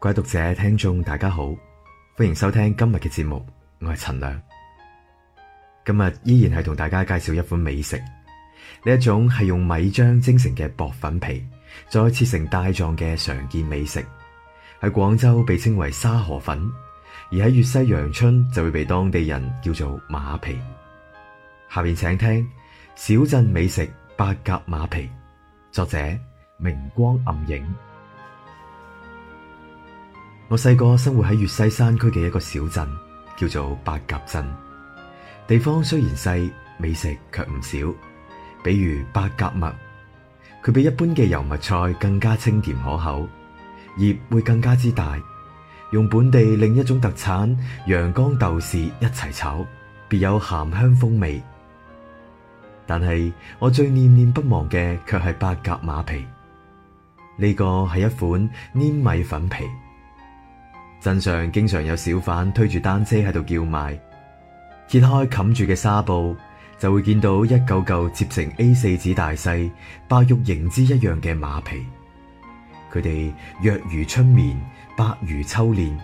各位讀者、聽眾大家好，歡迎收聽今日嘅節目，我係陳亮。今日依然係同大家介紹一款美食，呢一種係用米漿蒸成嘅薄粉皮，再切成帶狀嘅常見美食，喺廣州被稱為沙河粉，而喺粵西陽春就會被當地人叫做瑪皮。下面請聽《小鎮美食八甲瑪皮》，作者明光暗影。我細個生活喺粵西山區嘅一個小鎮，叫做八甲鎮。地方雖然細，美食卻唔少。比如八甲麥，佢比一般嘅油麥菜更加清甜可口，葉會更加之大。用本地另一種特產陽江豆豉一齊炒，別有鹹香風味。但係我最念念不忘嘅，卻係八甲瑪皮。呢、這個係一款黏米粉皮。鎮上經常有小販推住單車喺度叫賣，揭開冚住嘅紗布，就會見到一嚿嚿折成 A 四紙大細、白玉凝脂一樣嘅瑪皮。佢哋弱如春綿，白如秋練，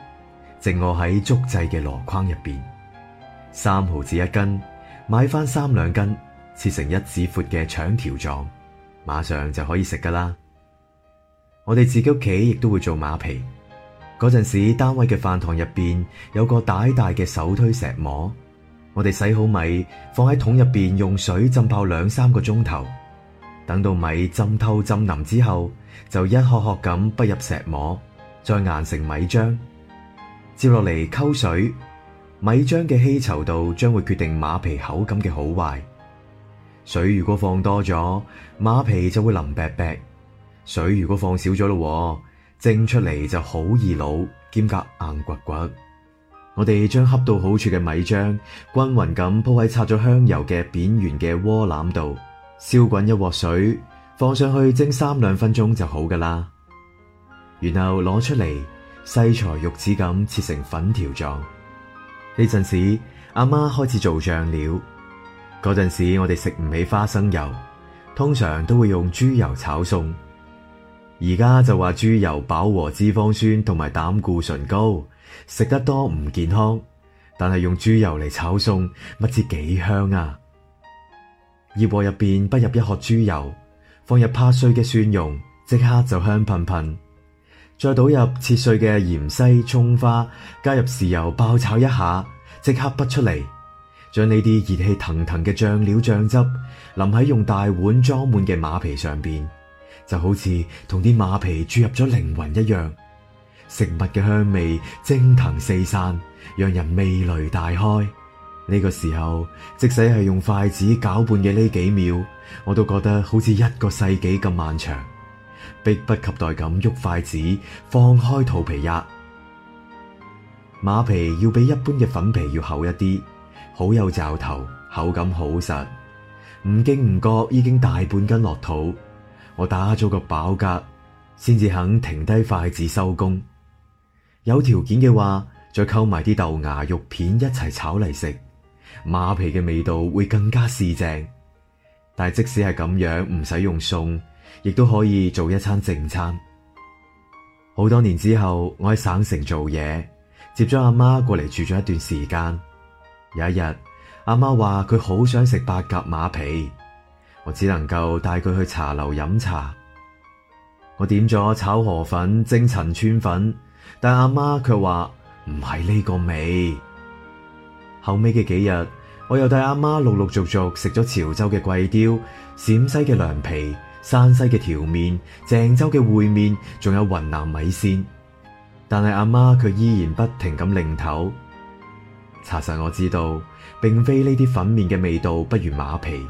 靜臥喺竹製嘅籮筐入邊，三毫子一斤，買翻三兩斤，切成一指闊嘅長條狀，馬上就可以食噶啦。我哋自己屋企亦都會做瑪皮。嗰陣時，單位嘅飯堂入邊有個大大嘅手推石磨，我哋洗好米放喺桶入邊，用水浸泡兩三個鐘頭，等到米浸透浸腍之後，就一殼殼咁撥入石磨，再研成米漿。接落嚟溝水，米漿嘅稀稠度將會決定瑪皮口感嘅好壞。水如果放多咗，瑪皮就會腍白白；水如果放少咗咯。蒸出嚟就好易老，兼夾硬骨骨。我哋將恰到好處嘅米漿均勻咁鋪喺插咗香油嘅扁圓嘅鍋欖度，燒滾一鑊水，放上去蒸三兩分鐘就好噶啦。然後攞出嚟細裁玉紙咁切成粉條狀。呢陣時阿媽，媽開始做醬料，嗰陣時我哋食唔起花生油，通常都會用豬油炒餸。而家就話豬油飽和脂肪酸同埋膽固醇高，食得多唔健康。但係用豬油嚟炒餸，不知幾香啊！熱鍋入邊舀入一勺豬油，放入拍碎嘅蒜蓉，即刻就香噴噴。再倒入切碎嘅芫茜、蔥花，加入豉油爆炒一下，即刻舀出嚟。將呢啲熱氣騰騰嘅醬料醬汁淋喺用大碗裝滿嘅瑪皮上邊。就好似同啲馬皮注入咗靈魂一樣，食物嘅香味蒸騰四散，讓人味蕾大開。呢、這個時候，即使係用筷子攪拌嘅呢幾秒，我都覺得好似一個世紀咁漫長。迫不及待咁喐筷子，放開肚皮壓。馬皮要比一般嘅粉皮要厚一啲，好有嚼頭，口感好實。唔經唔覺已經大半斤落肚。我打咗個飽嗝，先至肯停低筷子收工。有條件嘅話，再溝埋啲豆芽肉片一齊炒嚟食，馬皮嘅味道會更加鮮正。但係即使係咁樣，唔使用餸，亦都可以做一餐正餐。好多年之後，我喺省城做嘢，接咗阿媽過嚟住咗一段時間。有一日，阿媽話佢好想食八甲馬皮。我只能夠帶佢去茶樓飲茶，我點咗炒河粉、蒸陳村粉，但阿媽卻話唔係呢個味。後尾嘅幾日，我又帶阿媽陸陸續續食咗潮州嘅粿條、陝西嘅涼皮、山西嘅條麵、鄭州嘅燴麵，仲有雲南米線，但係阿媽卻依然不停咁擰頭。查實我知道，並非呢啲粉麵嘅味道不如瑪皮。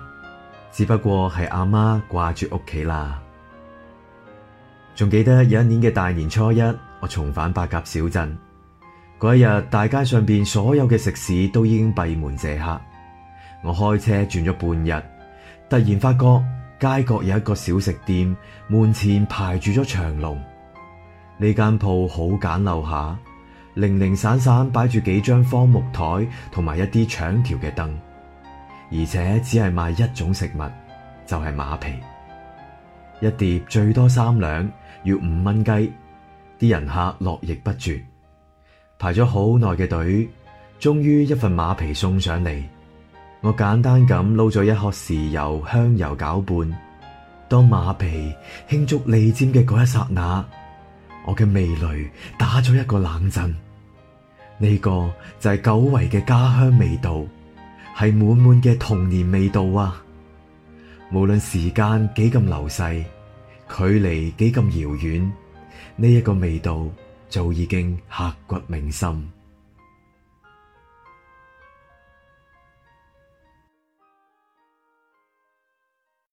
只不過係阿媽掛住屋企啦。仲記得有一年嘅大年初一，我重返八甲小鎮嗰一日，大街上邊所有嘅食肆都已經閉門謝客。我開車轉咗半日，突然發覺街角有一個小食店，門前排住咗長龍。呢間鋪好簡陋下，零零散散擺住幾張方木台同埋一啲長條嘅凳。而且只係賣一種食物，就係、是、馬皮，一碟最多三兩，要五蚊雞，啲人客絡繹不絕，排咗好耐嘅隊，終於一份馬皮送上嚟，我簡單咁撈咗一勺豉油、香油攪拌，當馬皮輕觸脷尖嘅嗰一剎那，我嘅味蕾打咗一個冷震，呢、這個就係久違嘅家鄉味道。係滿滿嘅童年味道啊！無論時間幾咁流逝，距離幾咁遙遠，呢一個味道就已經刻骨銘心。